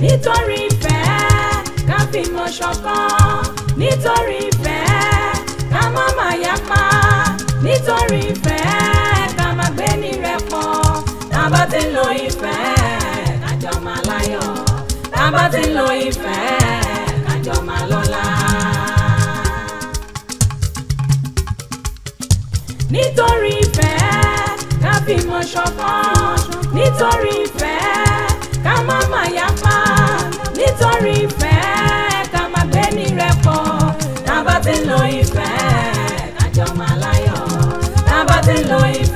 nítorí ìfẹ́ ká fìmọ̀ ṣọ̀kan nítorí ìfẹ́ ká má má yapa nítorí ìfẹ́ ká má gbé ní rẹpọ̀ tá bá ti ń lo ìfẹ́ ká jọ máa láyọ̀ tá ti lo ìfẹ́ ká jọ máa nítorí ìfẹ́ ká fìmọ̀ ṣọ̀kan nítorí ìfẹ́ ká má má yapa nítorí ìfẹ́ ká má gbé ní rẹ́pọ̀ tábà ti lo ìfẹ́ kájọ máa láyọ̀ tábà ti lo ìfẹ́.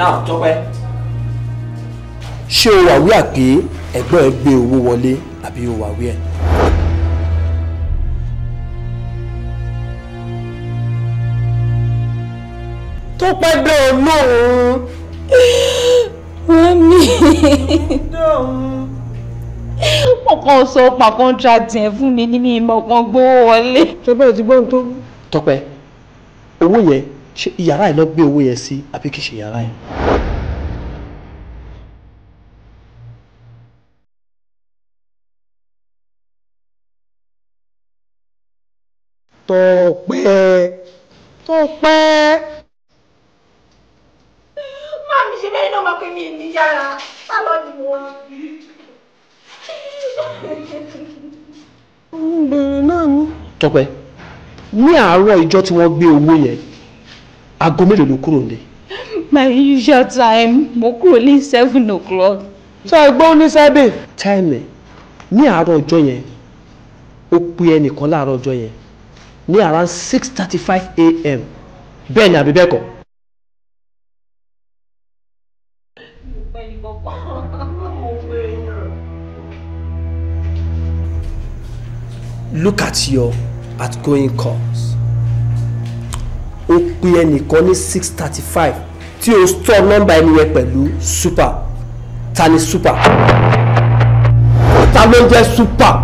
now tọpẹ. ṣé o wà wíwà pé ẹ̀gbọ́n ẹ gbé owó wọlé àbí o wà wíwà. tọpẹ bẹ ọ lóhùn mami wọn kàn sọ pàkọ́ńtrátì ẹ̀ fún mi ní mímọ́ kan gbówó wọlé. tọpẹ ti gbọ́ tó. tọpẹ owó yẹn ṣé yàrá ẹ̀ lọ gbé owó yẹn sí àbí kìí ṣe yàrá ẹ̀. Tọ́pẹ́ Tọ́pẹ́. máa mi ṣe bẹ́ẹ̀ náà máa pè mí ní yàrá bá lọ ni mo. Tọ́pẹ́ ní àárọ̀ ìjọ́ tí wọ́n gbé owó yẹn aago mélòó ló kúrò ní. my usual time mo kúrò ní seven o'clock. sọ ẹgbọ́n ní sábẹ̀. time ní àárọ̀ ọjọ́ yẹn ó pe ẹnìkan láàárọ̀ ọjọ́ yẹn ní around six thirty five a.m. bẹ́ẹ̀ ni àbí bẹ́ẹ̀ kọ́. look at your outgoing calls pe ẹnìkan ní six thirty five tí o store nọ́mbà ẹni yẹn pẹ̀lú super ta ni super ta ló jẹ́ super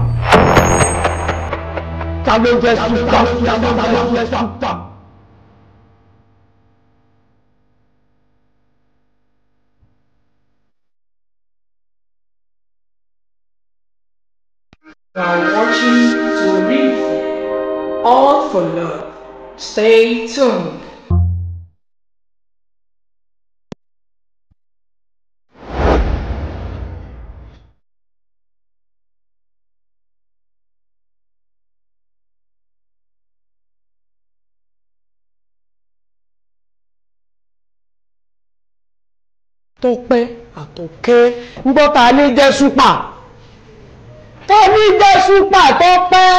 ta ló jẹ́ super super. All for Love. Stay tuned. tọpẹ́ àtọkẹ́ ńgbọ́ ta ní jẹ́ súpà tó ní jẹ́ súpà tọpẹ́.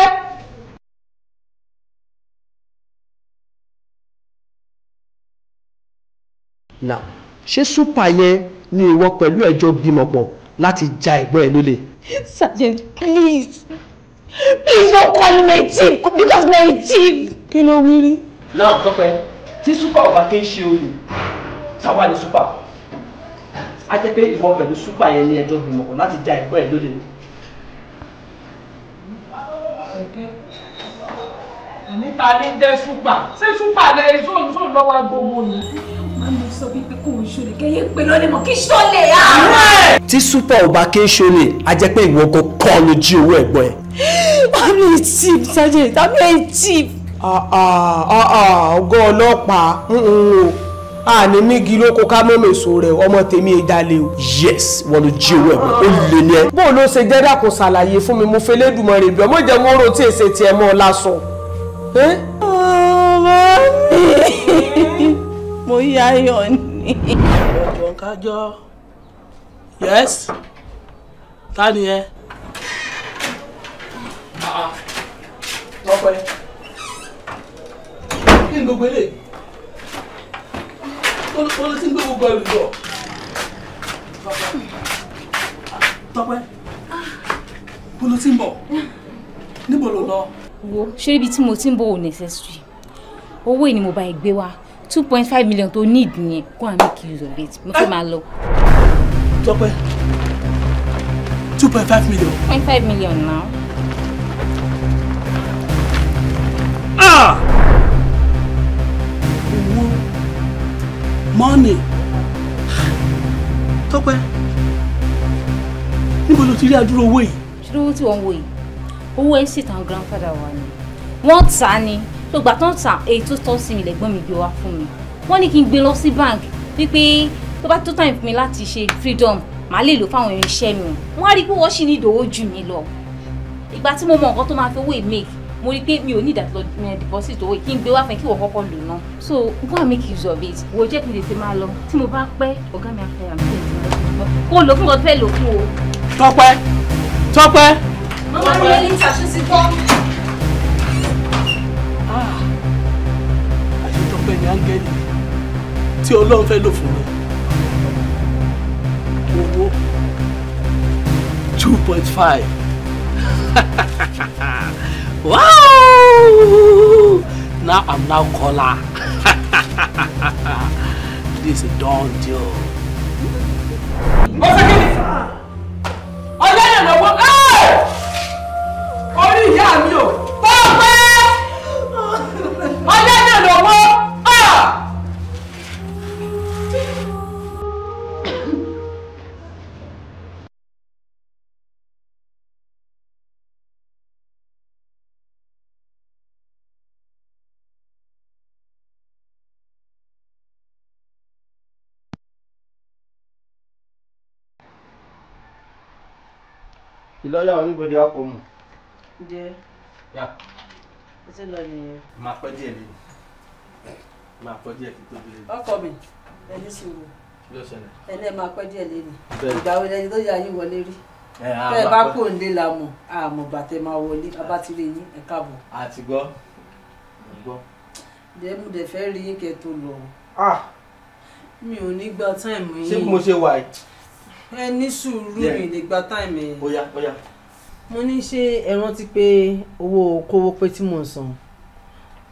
now ṣé súpà yẹn ni ìwọ pẹ̀lú ẹjọ́ bímọ pọ̀ láti ja ẹ̀gbọ́n ẹ lólè. sergeant please please don't call me my thief because my thief. kí ló wí rí. Now, tọpẹ́ tí súpà ò bá kí ń ṣe olè táwa ni súpà á jẹ́ pé ìwọ pẹ̀lú ṣúpà yẹn ní ẹjọ́ ìgbìmọ̀ kan láti já ẹ̀kọ́ ẹ̀ lóde ni. níta ní jẹ́ ṣúpà ṣé ṣúpà lẹ sóun sóun lọ́wọ́ agbóhùn ni. màá mú sọ wípé kò ń ṣọlẹ̀ kẹ́yẹ́ pé lọ́lẹ́ mọ́ kí ṣọlẹ̀ àárẹ̀. tí ṣúpà ò bá kí ń ṣọlẹ̀ á jẹ́ pé ìwọ kan kọ́ ló jí owó ẹ̀gbọ́n ẹ̀. I'm a thief, Sergeant. I'm a thief. Ah ah ah ah, ọgọ́ ọlọ́pàá a ní nígi lóko ká mọ́ mèso rẹ̀ ọmọ tèmi ìdálé o. yes wọn ló jí owó ẹ̀gbọ́n ó lè ní ẹ. bó o ló ṣe jẹ́ dàkún ṣàlàyé fún mi mo fẹ́ lẹ́dùnmọ́ rẹ̀ bí ọmọ ìjẹun oró tí èsè tiẹ̀ mọ́ ọ lásán. ọmọ mi mo yáyọ ni. ọjọ́ kájọ yes ta ni ẹ. Ah, ah. tọ́pẹ́ kí ni gbogbo eléyìí ó ló ti ń gbé gbogbo ẹrù jọ. Tọ́pẹ́ ó ló ti ń bọ̀ níbo ló lọ. wo ṣé ibi tí mo ti ń bọ̀ ò necessary owó yìí ni mo bá ẹ gbé wá two point five million tó ní ìdíyẹn kó àmì kì í rẹ̀ mo fẹ́ eh? máa lọ. Tọ́pẹ́ two point five million. point five million now. Ah! Money. Tọ́pẹ́, níbo ló ti rí adúrò owó yìí? Ṣé lówó tí wọ́n ń wo yìí? Owó ẹ̀ sì tàn grandfather wa ni. Wọ́n tà á ni. Lọ́gbà tó ń tà èyí tó tọ́ sí mi lẹ́gbọ́n mi gbé fún mi. Wọ́n ní kí n gbé lọ sí bank wípé tó bá tó time fún mi láti ṣe freedom màá lè lò fáwọn irinṣẹ́ mi. Wọ́n á rí pé wọ́n ṣì ní ìdòwò jù mí lọ. Ìgbà tí mo mọ nǹkan tó máa fi owó ì make mo rí i pé mi ò ní ìdàtọ̀ eh, deposit owó kí n gbé wá fún kí wọ́n kọ́kọ́ lò náà so why make use of it wo jẹ́ kí n lè fi máa lọ tí mo bá pẹ́ ọ̀gá mi àfẹ́ àmì ìdí kó lò fún ọtí fẹ́ lò fún o. Tọ́pẹ́ Tọ́pẹ́. mama mi ò ní ìtàṣúsí tọ́. Ah. àṣé Tọ́pẹ́ ni áńgẹ́lì tí Ọlọ́run fẹ́ lò fún mi owó two point five. Wow! Now I'm now caller. this is a done deal. Ọ̀sẹ̀ kìíní. Ọ̀lẹ́yìn lọ́wọ́. ìlọ́yà oníbodè ọkọ̀ mu. díẹ̀. yà. o ti lọ nìyẹn. máa pẹ́ díẹ̀ lé máa pẹ́ díẹ̀ kí tóbi lé. ọkọ mi ẹni sùúrù ẹni ẹ máa pẹ́ díẹ̀ lé ni ìgbà wo lẹni tó yà yín wọlé rí bẹ́ẹ̀ bá kò ń lé la mọ̀ àmọ̀ bàtẹ́ máa wọlé bàbá ti rí yín ẹ̀ káàbọ̀. àti gbọ́ gbọ́. dẹ́mu dẹ̀ fẹ́ rí yín kẹ́ tó lọ. Ah! mi ò ní gba táìmù yín. ṣé mo ṣe wà yìí ẹ ní sùúrù ìlẹgbà táìmì. bóyá bóyá. mo ní ṣe ẹ rántí pé owó kówó pé tí mò ń san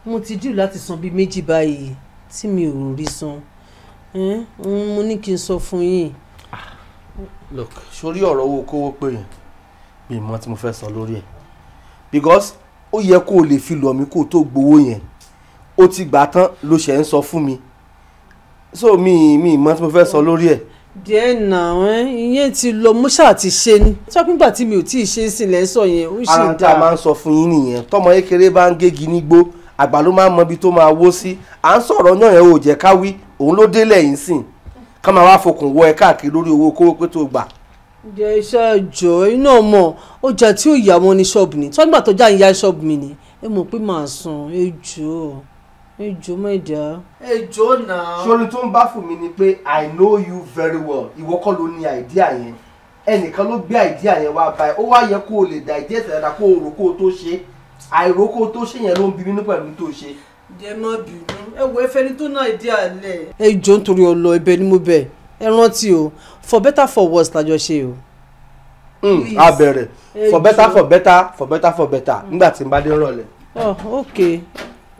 mo ti dìrò láti san bíi méjì báyìí tí mi ò rí san mo ní kí n sọ fún yín. Ah, look sórí ọ̀rọ̀ owó kówó pé yẹn bí ìmọ̀ tí mo fẹ́ san lórí ẹ̀ because ó yẹ kó o lè fi lọ̀ mí kó o tó gbowó yẹn ó ti gbà tán ló ṣe ń sọ fún mi so mi mi ìmọ̀ tí mo fẹ́ sọ lórí ẹ̀ díẹ̀ náà ẹ́ ìyẹn ti lọ mo ṣáà ti ṣe ni sọ́kúngbà tí mi ò tí ì ṣe é sì sọ yẹn ó ṣì dáa. ara tá a máa ń sọ fún yín nìyẹn tọmọ kékeré bá ń gégi nígbó àgbà ló máa ń mọbi tó máa wó sí à ń sọ̀rọ̀ yàn yẹn ò jẹ́ ká wí òun ló délẹ̀ yìí sìn ká máa wá fokùn wọ ẹ káàkiri lórí owó kówó pé tó gbà. ǹjẹ́ iṣẹ́ ìjọ iná ọmọ ọjà tí ò yà mọ́ ní ṣọ́ọ̀bù ni tọ́gbà ejò mẹjà. ejò náà. sori tó ń bá fún mi ni pé i know you very well ìwọ kọ́ ló ní àìdíà yẹn ẹnìkan ló gbé àìdíà yẹn wá báyìí ó wá yẹ kó o lè digest dáadáa kó o rò kó o tó ṣe àìrò kó o tó ṣe yẹn ló ń bí nínú pẹ̀lú tó ṣe. jẹ má bínú ẹ wo ẹfẹ ni tó ná àìdíà lẹ. ejò nítorí ọlọ ibẹ ni mo bẹ ẹ rántí o for better for worse lájọ ṣe o. Hmm, a bẹ̀rẹ̀ for better for better for better for better nígbà tí n bá dé rọlẹ̀. Oh, ok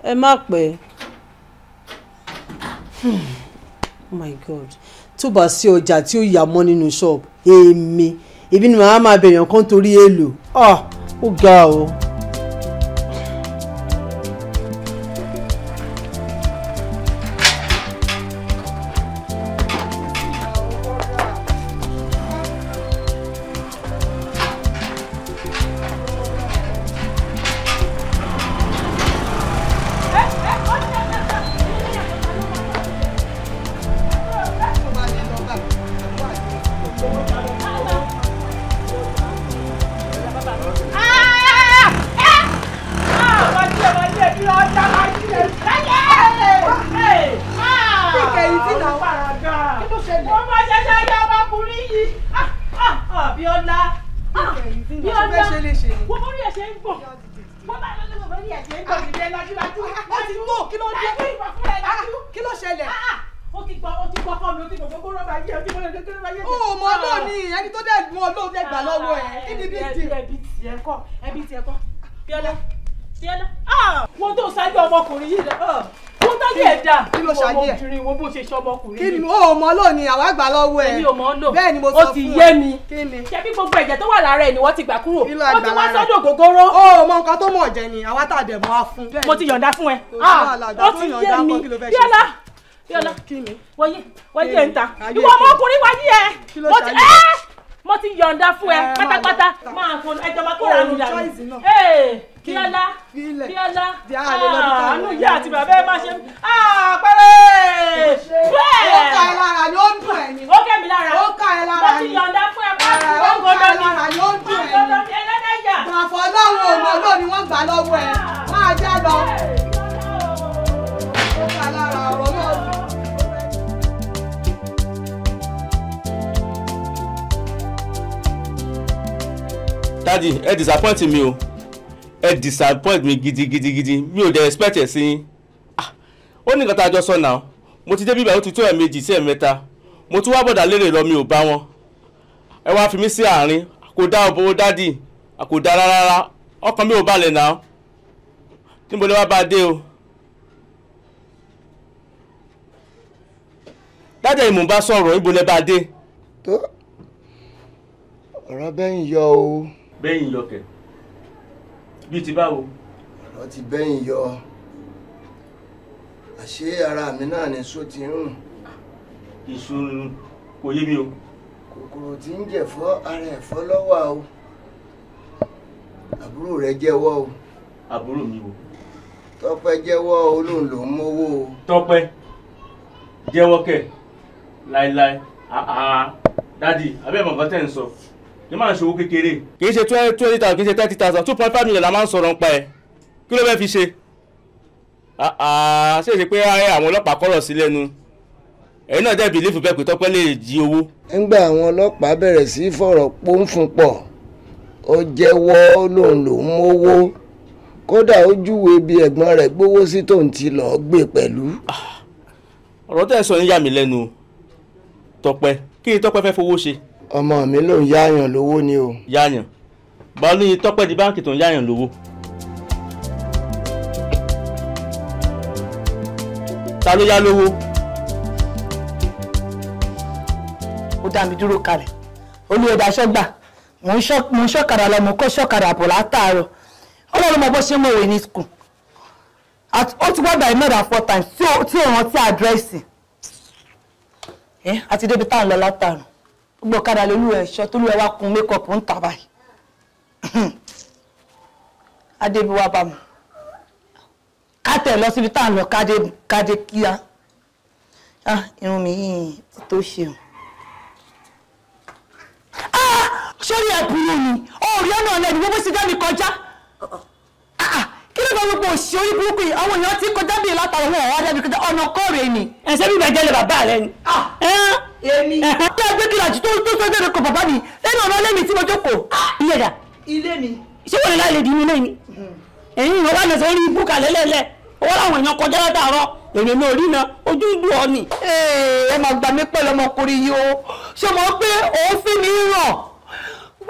ẹ má pẹ́. oh my god tó bá sí ọjà tí ó yà mọ́ nínú ṣọ́ọ̀bù èmi èmi ni màá máa bẹ̀yàn kan torí èlò ah, ó ga o. Oh, ni ẹni tó dẹ̀ dùn ọlọ́run dẹ̀ gbà lọ́wọ́ ẹ̀ kí ni bí tiẹ̀. ẹbí tiẹ̀ kọ́ ẹbí tiẹ̀ kọ́ bíọ́lá bíọ́lá ah! wọ́n tó ṣáájú ọmọkùnrin yìí ah! wọ́n tájú ẹ̀ dà kí ọmọkùnrin wo bó ṣe ṣe ọmọkùnrin yìí. kí ni o mọ lò àwa gbà lọ́wọ́ ẹ̀ bẹ́ẹ̀ ni mo sọ fún ọ o ti yé mi ṣe bí gbogbo ẹ̀jẹ̀ tó wà lára ẹ̀ ni wọ́n ti gbà kúrò ó ti wá sọ́dọ̀ gógóró. o oh, mọ nǹkan tó mọ̀ yọlá wọyé wọyé ń ta ìwọ ọmọkùnrin wáyé ẹ mo ti ẹ eh? mo ti yọ̀ǹda fún ẹ eh, pátápátá máa fọn ẹjọ máa kóra oh, nù dànù bíọ́lá bíọ́lá àánú yá àti bàbá ẹ máa ṣe àpẹẹrẹ ah, bẹ́ẹ̀ ó ká ẹ lára ni ó dùn ẹ ni ó kẹ́ mi lára ó ká ẹ lára ni mo ti yọ̀ǹda fún ẹ pátá eh, ó ká ẹ lára ni ó dùn ẹ ni ẹlẹ́dẹ̀ẹ́yà gbàfọ́ lọ́wọ́ òun olóòní wọ́n gbà lọ́wọ́ ẹ ah. máa já lọ. dadi ẹ disappoint mi o ẹ disappoint mi gidigidigidi mi ò dẹ̀ expect ẹ̀ sí yín ah, ó ní nǹkan tá a jọ sọ náà mo ti dé bíbá ó ti tó ẹ̀ sí mo tún wá bọ̀dà lérè lọ mi ò bá wọn ẹ wá fi mí sí àárín kò dá ọ̀bọ̀ dadi. kò dá rárá ọkàn mi ò balẹ̀ náà níbo ni wàá bá a dé o. dádì ìmọ̀ bá sọ̀rọ̀ níbo ni ẹ bá a dé. tó ọ̀rọ̀ bẹ́ẹ̀ ń yọ o. bẹ́yìn yọ kẹ̀ bíi ti báwo. ọ̀rọ̀ ti bẹ́yìn yọ àṣé ara mi náà ni sọ ti rùn. ìṣòro kò yé mi o. kòkòrò tí ń jẹ̀fọ́ ara ẹ̀fọ́ lọ́wọ́ o àbúrò rẹ jẹ́wọ́ o. àbúrò mi o. tọ́pẹ́ jẹ́wọ́ olóhùn ló ń mówó o. tọ́pẹ́ jẹ́wọ́ kẹ̀ láéláé àá dádì abẹ́ mọ̀kàn tẹ̀ ń sọ. So ní máa ń ṣòwò kékeré. kì í ṣe twenty twenty thousand kì í ṣe thirty thousand two point five million la máa ń sọ̀rọ̀ nípa ẹ̀ kí ló fẹ́ẹ́ fi ṣe. ṣé èsì pé àwọn ọlọ́pàá kọ́rọ̀ sí lẹ́nu ẹ̀yin náà dẹ̀ bìlífù bẹ́ẹ̀ pé tọ́pẹ́ lè jí owó. nígbà àwọn ọlọ́pàá bẹ̀rẹ̀ sí í fọ̀rọ̀ pọ́nfun pọ̀ ó jẹ́wọ́ lòun lòun mówó kódà ó júwe bí ẹ̀gbọ́n rẹ̀ gbówó sí tòun ti lọ́ọ́ gbé pẹ̀lú. Ah, ọ̀rọ̀ tẹ́ ẹ sọ ní yà mí lẹ́nu tọ́pẹ́ kí ni tọ́pẹ́ fẹ́ fowó ṣe ọmọ mi ló ń yáyàn lówó ni o. yáyàn báwo ni tọ́pẹ́ di báǹkì tó ń yáyàn lówó. ta ló yá lówó. ó dá mi dúró kalẹ̀ olùyọ̀dà sọ́gbà mò ń ṣọ́kadà lọ mò ń kọ́ ṣọ́kadà àpò látàárọ̀ ọlọ́run mọ bó ṣe mọ̀ òwe ní skul ó ti wá by more than four times tí ò rántí àdírẹ́sì àti débi tá à ń lọ látàárọ̀ gbogbo ọ̀kadà lólu ẹ̀ṣọ́ tó lù ẹ wá kun mékọ̀pù ń tà báyìí adébíwá bá mu kátẹ̀ lọ síbi tá à ń lọ kádé kíá irun mi yìí ti tó ṣeun sórí ẹ̀kúrú ni orí ọ̀nà ọ̀lẹ́ni gbogbo ṣe dẹ́ni kọjá kí ló bá gbogbo òṣì orí burúkú yìí àwọn èèyàn ti kọjá bíi látara wọn ọ̀wá dẹ́bi kọjá ọ̀nà kọ́ọ̀rẹ́ ni. ẹ̀sẹ̀ bíbẹ̀ jẹ́ lè bàbá rẹ ni èmi. ẹ̀hán bí ẹgbẹ́ kìlọ̀ àti tó tó sọ́jọ́ rẹ̀ kọ bàbá mi lẹ́nu ọ̀nà ilé mi tí mo jókòó ah! ilé dà. ilé mi. ṣé wọ́n lè láì lè di ilé mi. Hmm. ẹ̀yin ìwọ wà ní sọ orí ibú kalẹ̀ lẹ́lẹ̀ owó làwọn èèyàn kọjá látàárọ̀ èmi mi ò rí iná ojú ìlú ọ ni. ẹ máa gbà mí pẹ̀lú ọmọkùnrin yìí o ṣé mo pé òun fi mi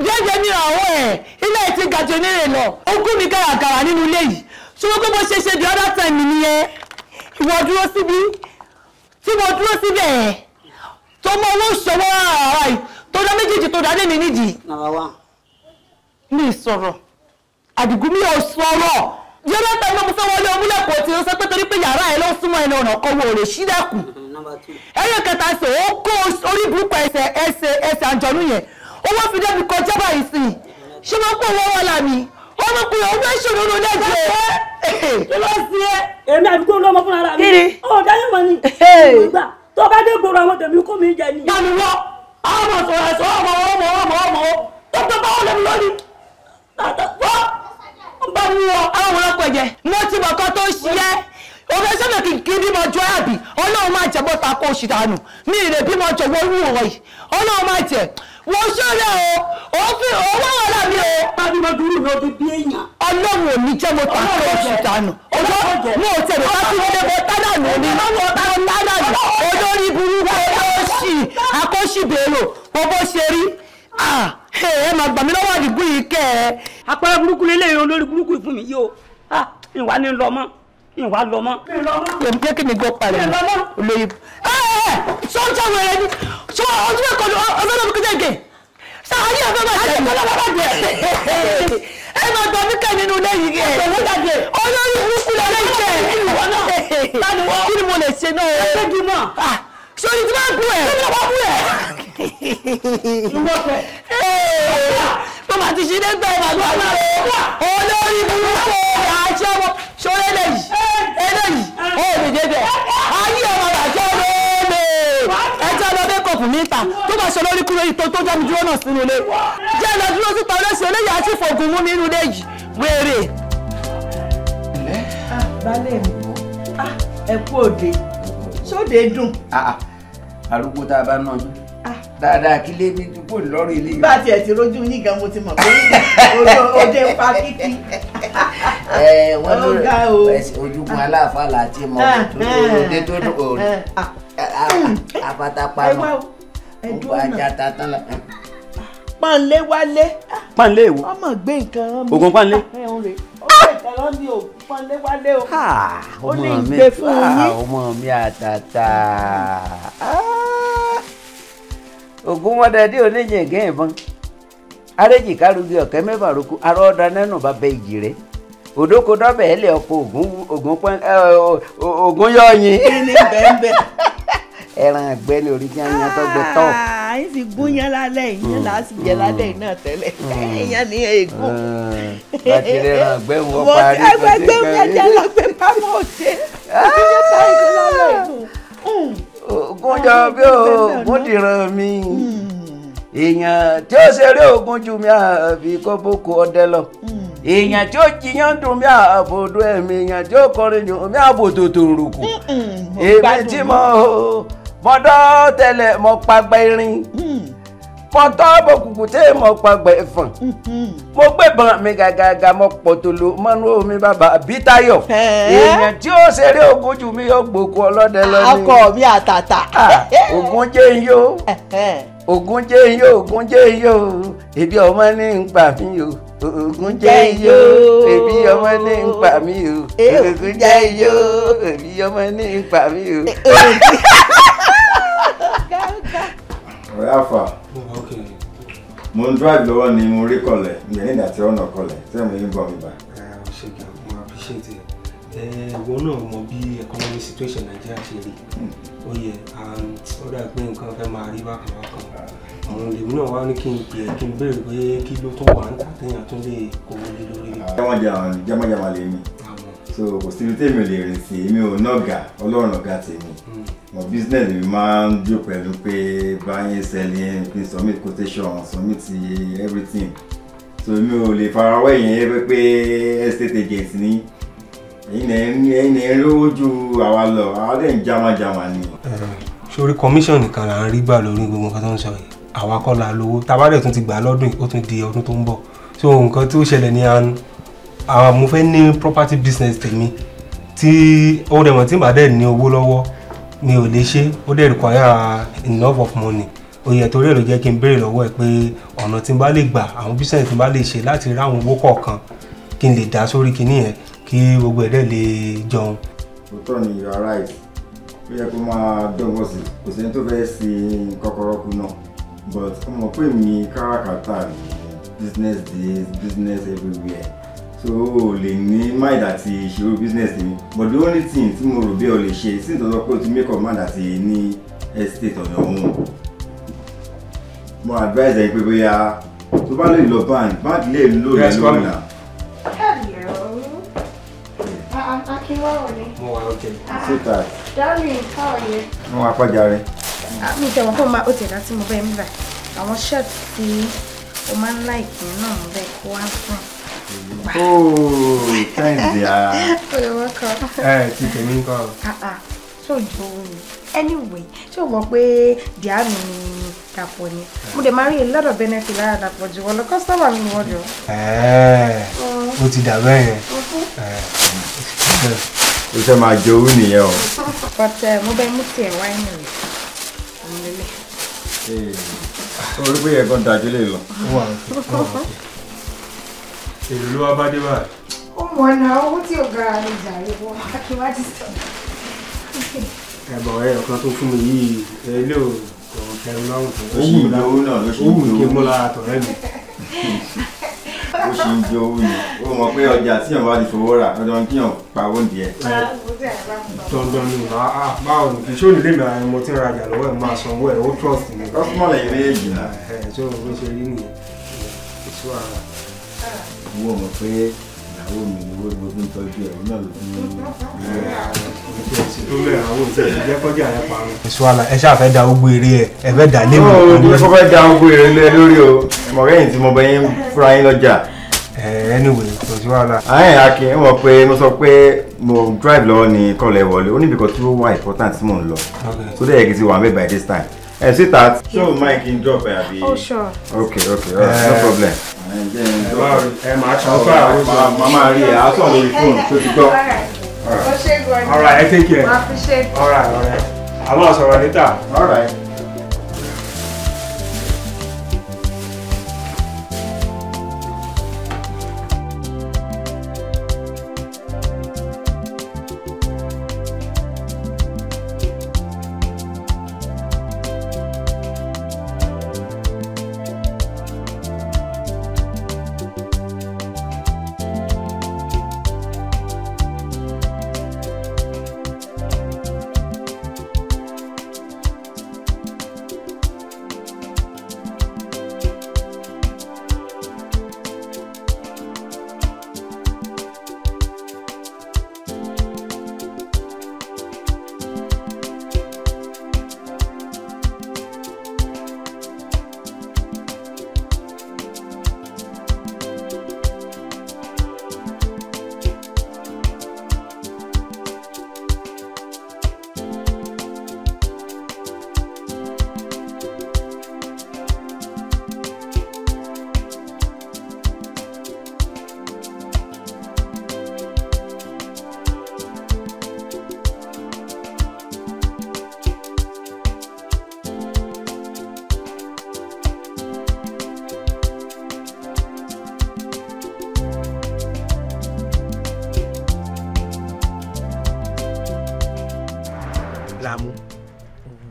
ràn jẹ́jẹ́ ní àwọ̀ ẹ̀ ilé ti gàjọ onírè lọ ogún mi gàràgàrà nínú ilé yìí ṣùgbọ́n pé mo ṣe ṣe the other time nìyẹn ìwọ dúró síbi tí mo dúró síbẹ̀ ẹ̀ tó mọ owó ìṣòwò ara yìí tó dá méjèèjì tó dáadé mi nídìí. mi sọ̀rọ̀ àdìgún mi ò sọ̀rọ̀ yóò lọ tẹ̀lé mo fẹ́ wọlé omúlẹ̀kọ̀ tí o sọ pé torí pé yàrá ẹ ló súnmọ́ ẹni ọ̀nà kan wò lè ṣí dẹ́kun. Mm-hmm, ẹyọ kẹta ṣe ó kó orí burúkú ẹsẹ̀ ẹsẹ̀ ẹsẹ̀ àjọ̀nú yẹn owó fi débi kọjá báyìí sí i ṣé wọ́n kó owó wọn là mí ọmọkùnrin ọ̀hún fẹ́ ṣòro ló lẹ́jọ́. kí ló ṣe é èmi àdúgbò lọ́mọ fúnra mi. kí ni. ọ̀ dáyọ̀ mọ́ ni tó bá dé gbòòrò àwọn tèmi kó mi jẹ nìyẹn. yàrá wọ ọmọ sọ̀rọ̀ ẹ̀sọ́ ọmọ ọmọ ọmọ ọmọ tó tó bá wọlé mi lórí wọ́n ń bá mi wọ. àwọn ọkọ̀ yẹn mo ti mọ̀ kan tó ń ṣiṣẹ́ òfin sọ́nà kì í kí bímọ jọ àbí ọlọ́run máa jẹ́ bọ́ta kó oṣù dànù ní ìrè bímọ jọ wọ́n wù ọ̀rọ̀ yìí ọlọ́run máa jẹ́ wọ́n ṣọ́lẹ̀ o òfin owó ọ̀la mi o. pàbímọ dúró mi bí èèyàn. ọlọ́run ò ní jẹ́ mo ta kó oṣù dànù ọjọ́ mi ò tẹ̀lé bá wọlé bọ́ dànù ni olórí burúkú olóòṣì akóṣìbèrò owó ṣe rí ẹ máa gbà mí lọ́wọ́ àdìgún yìí kẹ́ ẹ. apẹ́rẹ́ burúkú lélẹ́yìn olórí burúkú fún mi yìí o ìwà ni lọ mọ́ ìwà lọ mọ́. èmi jẹ́ kí ni gbọ́ parí olóyè. ẹ ẹ sọ́jà wẹ̀rẹ̀ ni sọ ọdún ẹ̀kọ́ ọdún ẹ̀kọ́ sáyé ọ̀fẹ́ máa ṣe ìmọ̀lá bàbá díẹ̀. ẹ máa gbọ́ níkà nínú lẹ́yìn rẹ̀. ọ̀sẹ̀ ló dàdé. olórí burúkú lọ lẹ́yìn tẹ̀. kí ni mo lè ṣe náà. ẹ fẹ́ di mọ́. sori ti máa bú ẹ. kí ló bá bú ẹ. bàbá ti ṣe dé gbẹ ìbàdàn àná rẹ. olórí burúkú àṣẹ ọmọ sọ eléyìí eléyìí ó lè dé bẹ̀. ayé ọmọ ṣọ́ọ̀bù níta tó bá ṣe lórí kúrò ìtò tó dámi dúró náà sínú ilé jẹ́ lọ dúró síta olóṣù eléyìí àti ìfògùn mú nínú ilé yìí wéèrè. Ah, balẹ̀ mi ah, ẹ kú òde sóde dùn. Ah, arúgbó tá a bá náà jù dáadáa kí lé mi dúpọ̀ lọ́rọ̀ ilé yìí. bá a tiẹ̀ ti rojú yín gan mo ti mọ̀ pé òde ń pa kíkí. Eh, ẹ wọ́n ló ojúgun aláàfáà láti mọ̀ òde tó dùn òde àpàtàpàrọ̀ gbogbo ajá tán lọ. pọ́nlé wálé. pọ́nlé èwo. ọmọ gbé nǹkan rán mi. oògùn pọ́nlé. Ah, ó ní ìgbé fún yín. ọmọ mi àtàtà. oògùn wọn dẹdí oníjì nǹkan ìbọn arẹ́jì kárugbe ọ̀kẹ́ mẹ́fà roku arọ́ ọ̀dà nẹ́nu bá bẹ ìjì rẹ̀ òdòkó dọ́bẹ̀ ọkọ̀ ògùn ògùn yọ̀ọ̀yìn. kí ni bẹ́ẹ̀ bẹ́ẹ̀. ẹran ẹgbẹ́ ní orí yán yán tó gbé tọ́. àyìn ah, ti gún yán lálẹ́ yìí là á sì jẹ mm. lálẹ́ yìí náà tẹ́lẹ̀ yán ní eégún. láti rí ẹran ẹgbẹ́ wọn parí tó ti kẹ́ ẹgbẹ́ ah. mm. ah, mi ẹ̀jẹ̀ lọ pé pámọ́ òde ìdílé táyì tó lálẹ́ eégún. gúnjọ bí o gúndìran mi èèyàn tí ó ṣeré ogun jù mí àbí kó boko ọdẹ lọ mm. èèyàn tí ó jiyàn dùn mí àbòdo ẹ̀mí èèyàn tí ó kọrin jù mí àbòdo tòrùkù èmi tí mo mọ̀dọ́ tẹ̀lẹ̀ mọ̀ pàgbà irin mọ̀tọ́ hmm. bòkùnkùn tẹ́ mọ̀ pàgbà ẹ̀fọ̀n hmm, hmm. mo gbẹ̀bọ̀n mi gàgàgà mọ̀ pọ̀tòló mọ́nú omi bàbá bítayọ̀ èèyàn tí ó ṣeré ogun jù mí yóò gbòkú ọlọ́dẹ lọ́ni. akọ mi àtàtà. ogun jẹ́ ń yó ogun jẹ́ ń ogun jẹ́ ń ebi ọmọ ní ń pa mí o ògùn jẹ́ iyó èbí ọmọ ní ń pa mí o ògùn jẹ́ iyó èbí ọmọ ní ń pa mí o. ọ̀rẹ́ àfà mo ń drive lọ́wọ́ ni mo rí kọlẹ̀ ìyẹn nígbà tí ọ̀nà kọlẹ̀ tí mo yín bọ̀ mi bá. ṣé kí n appreciate ẹ ẹ wọn náà mọ bí economic situation Nàìjíríà ṣe rí. Hmm ó yẹ ó dà pé nǹkan fẹ́ máa rí bákan bákan àwọn lèmi náà wá ní kí n pè é kí n béèrè pé kí ló tó wà níta téèyàn tó lè kówó lé lórí. jámọ́jámọ́ lè mi so kò síbi tèmi lè rìn sí èmi ò nọ́gà ọlọ́run ọ̀gá tèmi mo hmm. business mi máa ń dùn pẹ̀lú pé buying selling pin submit quotation submit everything so èmi ò lè farawọ́ èèyàn pé estate agency ni ẹ̀yin ẹ̀ ju àwa lọ àwa dẹ̀ ń jamajama ni. sórí commission nìkan là ń rí gbà lórí gbogbo nǹkan tó ń sọ yìí àwa kọ́ la lówó tábà dẹ̀ tún ti gbà lọ́dún yìí ó tún di ọdún tó ń bọ̀ so nǹkan tó ṣẹlẹ̀ ni àwọn mo ní property business tèmi tí ó dẹ̀ mọ̀ tí màá dẹ̀ ní owó lọ́wọ́ mi ò lè ṣe ó dẹ̀ require enough of money oyè torí ẹ̀ ló jẹ́ kí n béèrè lọ́wọ́ ẹ̀ pé ọ̀nà tí n bá lè gbà àwọn business tí n bá lè ṣe láti rí àwọn owó kọ̀ọ̀kan kí n lè dá sórí kinní yẹn kí gbogbo ẹ̀dẹ̀ lè jọun. òótọ́ ni you are right ó yẹ kó máa dọ́gbọ́n sí kò sẹ́ni tó fẹ́ ṣe kọ́kọ́rọ́ kú náà but ó mọ̀ pé mi káràkátà ni business days business everywhere so o lè ní mind àti ìṣirò business mi but the only thing tí mo rò bí o lè ṣe sí ìtọ́jọ́ pé o ti make up mind àti ní estate ọ̀nà òun mo advise ẹ pé bóyá tó bá lè lọ bank bank lè lò lẹ́nu ọ̀nà. kí wọ́n wò ní. mo wà ọjẹ. síta ẹ. darling káwọn yẹn. mo wà pàjá rẹ. Ah, mi tẹ̀wọ̀n kó máa ó tẹ̀ dá tí mo bẹ́ẹ̀ ń bẹ̀ àwọn shirt tí o máa ń Oh, thanks, dear. You're welcome. Eh, ti tèmi ń kọ́. Ah, ah. Ṣé òjò ni? Anyway, ṣé o mọ̀ pé díà mi ni Dàpọ̀ ni? Mo dẹ̀ máa rí a lot of benefit lára Dàpọ̀ jù wọ́n lọ kọ́sítọ́mà mi wọ́n jọ. Ẹ̀ẹ́, eh, o mm. ti dà yẹn. Mm-hmm. Eh o ṣe máa jẹ owó nìyẹn o. but uh, mo bẹ mú tiẹ̀ wáìnì rẹ̀ ọmọ ilé. orí pé yẹ kó dájú lè lọ. èlò ló wá bá dé báyìí. ó mọ̀ ọ́nà owó tí ọ̀gá rẹ̀ jàre wọ akíwájú sọ. ẹ̀bọ̀ ẹ̀yọ̀ kan tó fún mi yìí ilé ò kẹrin lọ́rùn tó. ó wù mí kí n mú lára mi. ó ṣì ń jẹ owó yìí ó mọ̀ pé ọjà tí yàn bá ti fowó rà ọjọ́ kí yàn pa owó dandan ni ah, ah, báwo ni kì ṣó nílé mi ara mo ti ń rajà lọ́wọ́ ẹ̀ máa san owó ó trust mi. kọ́sùmọ̀ lẹ́yìn méjèèjì náà. ẹ̀ ṣé o ló ṣe rí nìyẹn ìṣúra. Ah. owó mọ̀ pé ìyàwó mi ni owó gbogbo ń tọ́jú da ogbó eré ẹ ẹ fẹ́ dà lé mi. Mo fẹ́ mo bẹ yín Anyway, kò sí wàhálà. Àyìn Akin, ẹ pé mo sọ pé mo drive lọ́wọ́ ní kọ́lẹ̀ wọlé. Ó ní bìkan tí ó wà important tí mò ń lọ. Sódà yẹ kí n ti wà mẹ́ by this time. Ẹ síta. Ṣé So Mike, n drop ẹ àbí? Oh sure. Okay, okay, all no eh, problem ẹ rí ẹ á sọ̀rọ̀ lórí fóònù tó ti gbọ́. all right ẹ take care all right all right àwọn sọ̀rọ̀ níta. all right.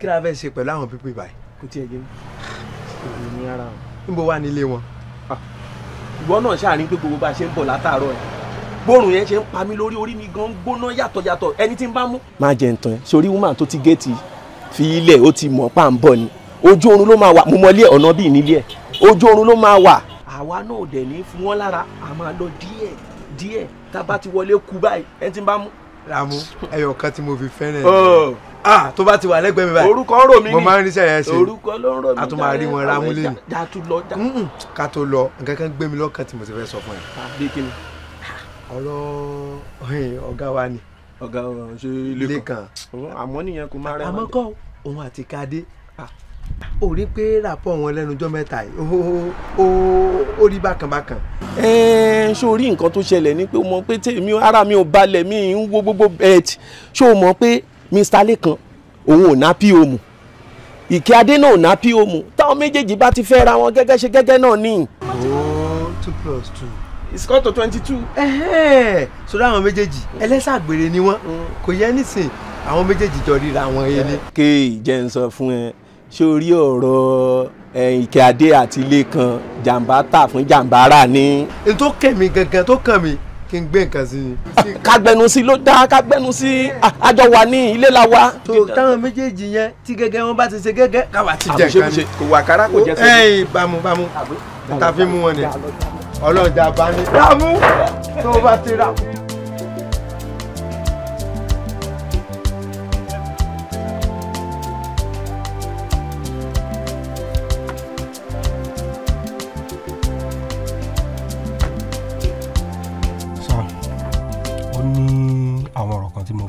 kí la fẹ́ ṣe pẹ̀lú àwọn pípé báyìí. kò tiẹ̀ jẹ́ mi ní ara wọn. níbo wà nílé wọn. Ah, ìwọ náà ṣàárín pé gbogbo bá a ṣe ń bọ̀ látàárọ̀ ẹ̀ gbóòrùn yẹn ṣe ń pa mí lórí orí mi gan gbóná yàtọ̀ yàtọ̀ ẹni tí ń bá mú. má jẹ ntàn ẹ sórí woman tó ti géètì fi ilẹ̀ ó ti mọ̀ pa ń bọ̀ ni ojú oorun ló máa wà mo mọlé ọ̀nà bíi nílé ẹ̀ ojú oorun ló máa wà. àwa náà ò dẹ̀ ní fún wọn lára a máa lọ díẹ̀ díẹ̀ tá a bá ti wọlé kú báyìí ẹni tí ń bá mú. Ràmú ẹyọ kan tí mo fi fẹ́ràn ẹ ah tó bá ti wà lẹ́gbẹ̀ẹ́ mi báyìí orúkọ ń mi. mí ni mo máa ń ríṣẹ́ yẹn ṣe orúkọ ló ń rò a tún máa rí wọn ra múlẹ̀ ni ká tó lọ nǹkan kan gbé mi lọ́kàn tí mo ti fẹ́ sọ fún ẹ. ọ̀rọ̀ ọ̀gá wa ni. ọ̀gá wa ṣe ilé kan àmọ́ nìyẹn kò máa rẹ̀ wọ́n. àmọ́ kọ́ òun àti kadé ò rí pé ràpọ̀ wọn lẹ́nujọ́ mẹ́ta yìí ó rí bákan ẹ ẹ ṣó rí nǹkan tó ṣẹlẹ̀ ni pé o mọ̀ pé tèmi ara mi ò balẹ̀ mi ń wo gbogbo ẹ̀ ṣó o mọ̀ pé Mr Lẹ́kan òun ò ná pọ́ mu ìkẹ́ adé náà ò ná pọ́ mu táwọn méjèèjì bá ti fẹ́ ra wọn gẹ́gẹ́ ṣe gẹ́gẹ́ náà ní. ooo two plus two. it's come twenty two. sọ́dọ̀ àwọn méjèèjì ẹlẹ́sàgbèrè ni wọ́n kò yẹ nísìn àwọn méjèèjì jọ ríra wọn yé ni. kéè jẹ́ ń sọ fún ẹ sórí ọ̀rọ̀ ìkẹ́ adé àti Lẹ́kan jàǹbá tà fún jàǹbá rà ni. ètò kẹ̀mí gangan tó kàn mí kí n gbé nǹkan sí i. kagbẹnu sí ló dáa kagbẹnu sí àjọ wa ní ilé la wa. tó táwọn méjèèjì yẹn tí gẹ́gẹ́ wọn bá ti ṣe gẹ́gẹ́ káwa ti jẹ nǹkan ni kò wà kára kò jẹ sí. ẹyìn bámu bámu ta fi mú wọn ni ọlọ́ọ̀dà bá ní. ramu tó o bá ti ramu.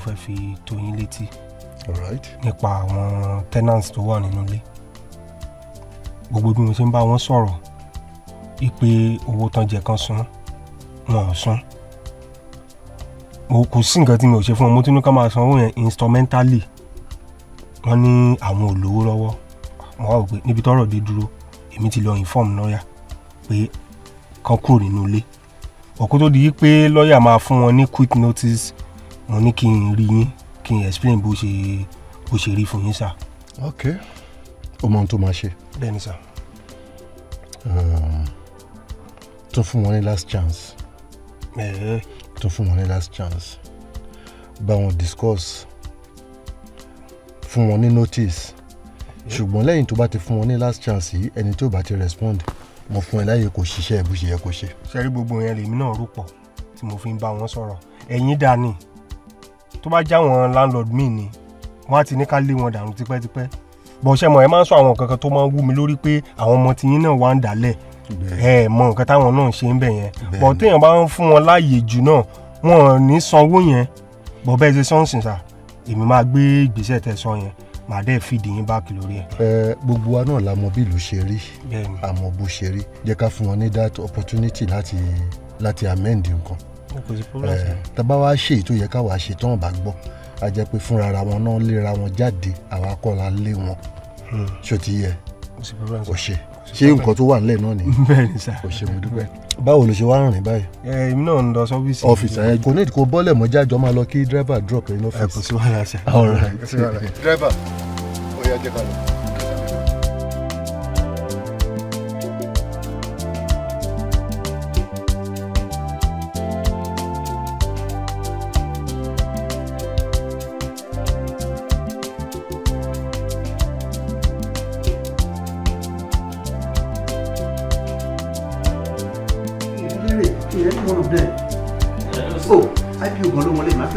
fẹ́ fi tó yín létí nípa àwọn tenants tó wà nínú ilé gbogbo bí mo ṣe ń bá wọn sọ̀rọ̀ ìpè owó tán jẹ kan san wọn ò san kò sí nǹkan tí mi ò ṣe fún wọn mo tún ní ká máa sanwó yẹn instrumentally wọ́n ní àwọn olówó lọ́wọ́ wọ́n wá wò pé níbi tọ́rọ̀ dé dúró èmi ti lọ inform lọ́ọ̀yà pé kán kúrò nínú ilé òkú tó di yí pé lọ́ọ̀yà máa fún wọn ní quick notice mo ní kí n rí yín kí n explain bó ṣe bó ṣe rí fún yín sá. ok o mọ ohun tó máa ṣe. bẹ́ẹ̀ni sá. Um, tún fún wọn ní last chance. ẹ̀ẹ́. tún fún wọn ní last chance. bá wọn discuss fún wọn ní notice ṣùgbọ́n lẹ́yìn tó bá ti fún wọn ní last chance yìí ẹni tó bá ti respond mo fún ẹ láyè kó ṣiṣẹ́ bó ṣe yẹ kó ṣe. ṣe rí gbogbo yẹn lèmi náà rò pọ̀ tí mo fi ń bá wọn sọ̀rọ̀ ẹ̀yin dání tó bá já wọn landlord míì ni wọ́n á ti ní ká lé wọn dànù tipẹ́tipẹ́ bọ̀ṣẹ́ mọ̀ ẹ máa ń sọ àwọn nǹkan kan tó máa ń wú mi lórí pé àwọn ọmọ tiyín náà wá ń dálẹ̀ ẹ mọ nǹkan táwọn náà ṣe ń bẹ̀ yẹn bọ̀ téèyàn bá ń fún wọn láàyè jù náà wọn ò ní sanwó yẹn bọ̀ bẹ́ẹ̀ ṣe sọ́ọ̀sìn sà èmi máa gbé ìgbésẹ̀ tẹ̀ sọ yẹn màá dẹ́ fìdí yín báàkì lórí ẹ. ẹ gbogbo wa náà la mọ bí ìlú ṣe rí àmọ́ bó ṣe rí jẹ́ ká fún wọn ní that opportunity láti láti amend nǹkan kò sí problem. Eh, tá a ṣe èyí tó yẹ káwa ṣe tán bá gbọ́ a jẹ́ pé fúnra ara wọn náà léra wọn jáde àwa kọ́ la lé wọn hmm. ṣó ti yẹ kò ṣe ṣé nǹkan tó wà nílẹ̀ náà ni kò ṣe mo dúpẹ́. báwo ló ṣe wá rìn báyìí. ẹ eh, èmi náà ń lọ sọ́fíìsì. ọ́fíìsì ẹ eh, kò ní kó bọ́lẹ̀ mọ́jà jọ máa lọ kí dírẹ́bà drop ẹ ní ẹ kò sí wàhálà ṣá. ọ̀rọ̀ ẹ dírẹ́bà ó yá jẹ́ ká lọ.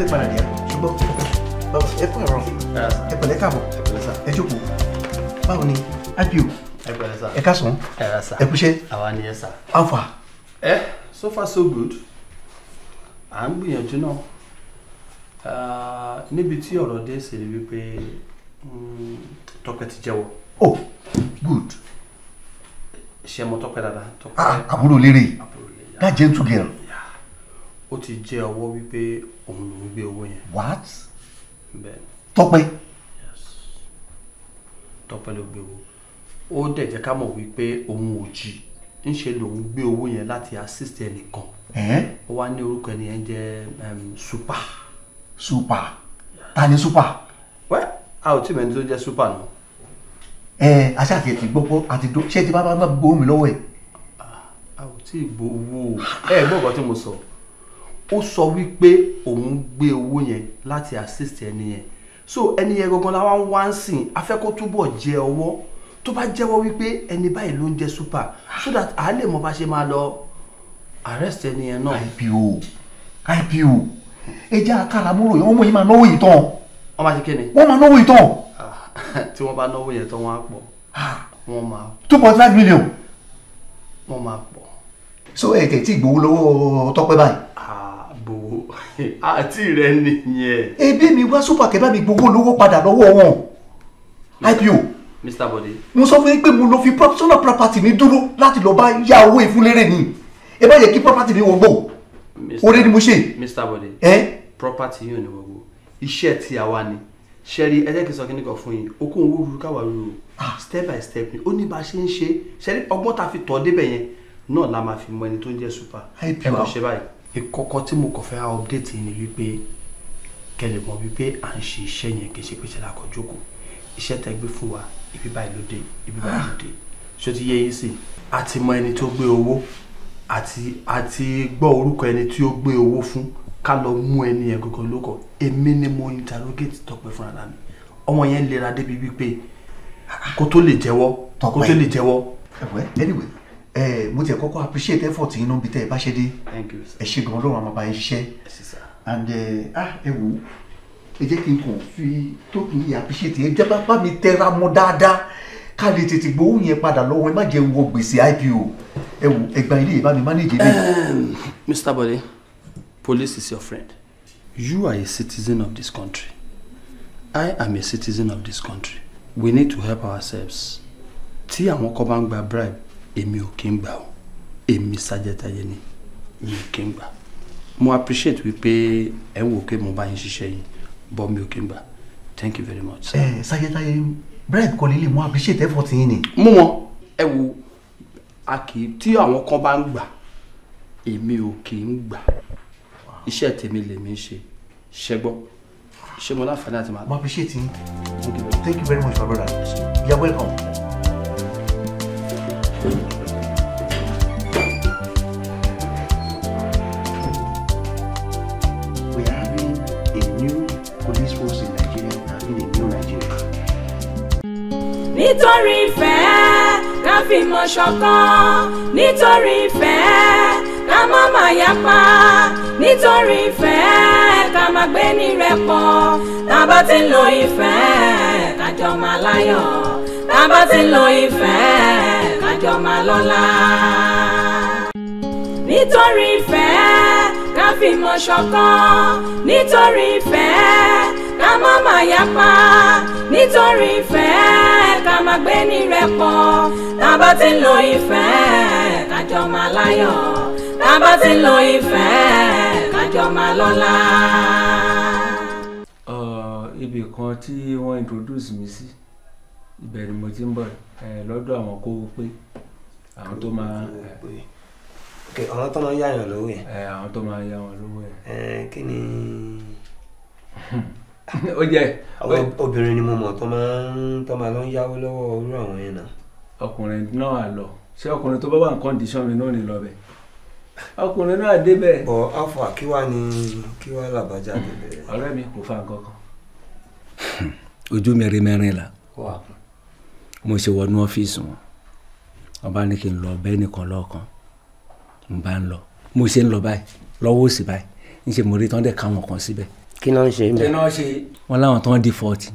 fẹ́ padà dé ṣùgbọ́n ẹ kú ẹ̀rọ ẹ pẹ̀lẹ́ káàbọ̀ ẹ jókòó báwo ni ápíò ẹ ká sùn ẹ kúṣẹ́ alfa. ẹ eh, so far so good à ń gbìyànjú náà níbi tí ọ̀rọ̀ dé sí ni wípé mm, tọpẹ ti jẹ́wọ́. oh good. ṣe mo tọpẹ dada. Ah, àbúrò lérè that gentle girl ó ti jẹ́ ọwọ́ wípé òun ló ń gbé owó yẹn. what. bẹ́ẹ̀. tọ́pẹ́. yes tọ́pẹ́ ló gbé owó ó dẹ̀ jẹ́ ká mọ̀ wípé òun ò jí ńṣe lòun gbé owó yẹn láti assist ẹnìkan ó wá ní orúkọ ẹni yẹn jẹ́ super. super ta ni super. wẹ́ a ò tí mẹ́ni tó jẹ́ super nù. ẹ aṣáàtì ẹ̀ ti gbọ́ pọ́ àti ṣé ti bá bá gbọ́ mi lọ́wọ́ ẹ̀. a ò tí ì gbowó ẹ gbọ́ nǹkan tí mo sọ. So ó sọ wípé òun gbé owó yẹn láti assist ẹni yẹn so ẹni yẹn gangan la wá ń wá ń sìn afẹ́ kó túbọ̀ jẹ ọwọ́ tó bá jẹ́wọ́ wípé ẹni báyìí ló ń jẹ super so that a lè mọ bá ṣe máa lọ arrest ẹni yẹn náà. ipo ipo ẹ jẹ́ àkàràmúrò yẹn wọ́n mọ̀ yín máa náwó yìí tán. wọ́n máa ṣe kí ni. wọ́n máa náwó yìí tán. tí wọ́n bá náwó yẹn tán wọ́n á pọ̀. wọ́n máa. two point five million. wọ́n máa pọ̀. so ẹ̀ tẹ̀ tí gbowó lọ́wọ́ tọ́pẹ́ báyìí. Ah gbowó àti rẹ nìyẹn. ebi mi wá super kẹ́ bá mi gbowó lówó padà lọ́wọ́ wọn ipo. mr bode. mo sọ fún yín pé mo lọ fi personal property mi dúró láti lọ bá yá owó ìfúnlérè ni ẹ bá yẹ kí property mi wọgbó orí ni mo ṣe. mr bode. ẹ. property yóò ní wọgbó iṣẹ́ tí a wá ni ṣẹ́rí ẹ̀ẹ́dẹ́gbẹ̀sọ sọ kíní kan fún yín okun owó ruru káwa ruru ah. step by step ni ó ní bá a ṣe ń ṣe ṣẹ́rí ọgbọ́n tá a fi tọ́ débẹ̀ yẹn náà la máa fi mọ ẹni tó ń jẹ́ super ẹ kò ṣe báyìí ìkọ̀kọ̀ tí mo kàn fẹ́ update ni wípé kẹlẹ̀ mọ̀ wípé à ń ṣe iṣẹ́ yẹn kì í ṣe pé ṣe la kàn jókòó iṣẹ́ tẹ gbé fún wa ibi báyìí ló dé ibi báyìí ló dé ṣó ti yé yín sí a ti mọ ẹni tó gbé owó àti àti gbọ́ orúkọ ẹni tí ó gbé owó fún ká lọ mú ẹni yẹn gangan lóko èmi ni mo interrogate Tọ́pẹ́ fúnra mi ọmọ yẹn lera débi wípé kó tó lè jẹ́wọ́ kó tó lè jẹ́wọ́. anyway ẹ mo tiẹ̀ kọ́kọ́ appreciate effort yín níbi tẹ́ ẹ bá ṣe dé ẹ ṣe gan ọlọ́run àmọ́ bá yín ṣiṣẹ́ and ah, ẹ wò ó ẹ jẹ́ kí n kàn fi tó kì appreciate ẹ jẹ́ bá mi tẹra mọ́ dáadáa ká lè tètè gbowó yẹn padà lọ́wọ́ ẹ má jẹ́ wọ gbèsè IPO ẹ wò ẹgbà ilé yìí bá mi manage ilé. Mr. Ehm, Bode, police is your friend. You are a citizen of this country. I am a citizen of this country. We need to help ourselves. Tí àwọn kan bá ń gba bribe èmi ò kí ń gbà o èmi sájẹtayé ni mi ò kí ń gbà mo appreciate wípé ẹ wò pé mo bá yín ṣiṣẹ́ yìí bọ́ mi ò kí ń gbà thank you very much. ẹ sájẹtayé eh, bread kò nílé mo appreciate effort yín ni. mú wọn ẹ wo a kì í tí àwọn kan bá ń gbà èmi ò kì í gbà iṣẹ́ tèmi lèmi ń ṣe ṣẹgbọ́n ṣe mo láǹfààní àti máa. mo appreciate yín thank you very much my brother you are welcome. We are having a new police force in Nigeria. We are having a new Nigeria. Nítorí ìfẹ́ ká fìmọ̀ ṣọ̀kan, nítorí ìfẹ́ ká má má yapa, nítorí ìfẹ́ ká má gbé ní rẹpọ̀, tá ti ń lo ìfẹ́ ká jọ máa láyọ̀, tá ti ń lo ìfẹ́ jọ máa lọ́lá. nítorí ìfẹ́ ká fi mọ̀ ṣọ̀kan nítorí ìfẹ́ ká má má yapa nítorí ìfẹ́ ká má gbé ní rẹpọ̀ tá ti ń lo ìfẹ́ ká máa láyọ̀ tá ti ń lo ìfẹ́ ká máa lọ́lá. ibì kan tí wọ́n introduce mi sí. Si ìbẹ̀rù mo ti ń bọ̀ lọ́dọ̀ àwọn pé àwọn tó máa kẹ àwọn tó máa ń yáyàn lówó yẹn. ẹ àwọn tó máa ń ẹ kí ni. ó jẹ. obìnrin ni mo mọ̀ tó máa ń tó máa lọ ń yáwó lọ́wọ́ orú àwọn yẹn náà. ọkùnrin náà lọ ṣé ọkùnrin tó bá wà ní kọ́ndíṣọ́n mi náà lọ bẹ̀. ni débẹ̀. ọ̀rẹ́ mi kò fa nǹkan kan. ojú mẹ́rin mẹ́rin mo ṣe wọnú ọ́fíìsì wọn ọba ní kí n lọ bẹ́ẹ̀ nìkan lọ́ọ̀kan n bá ń lọ mo ṣe ń lọ báyìí lọ́wọ́ òsì báyìí ń ṣe mo rí tán dẹ̀ káwọn kan síbẹ̀. kí náà ń ṣe bẹ́ẹ̀. kí náà ṣe wọn láwọn tán di fọ́ọ̀tì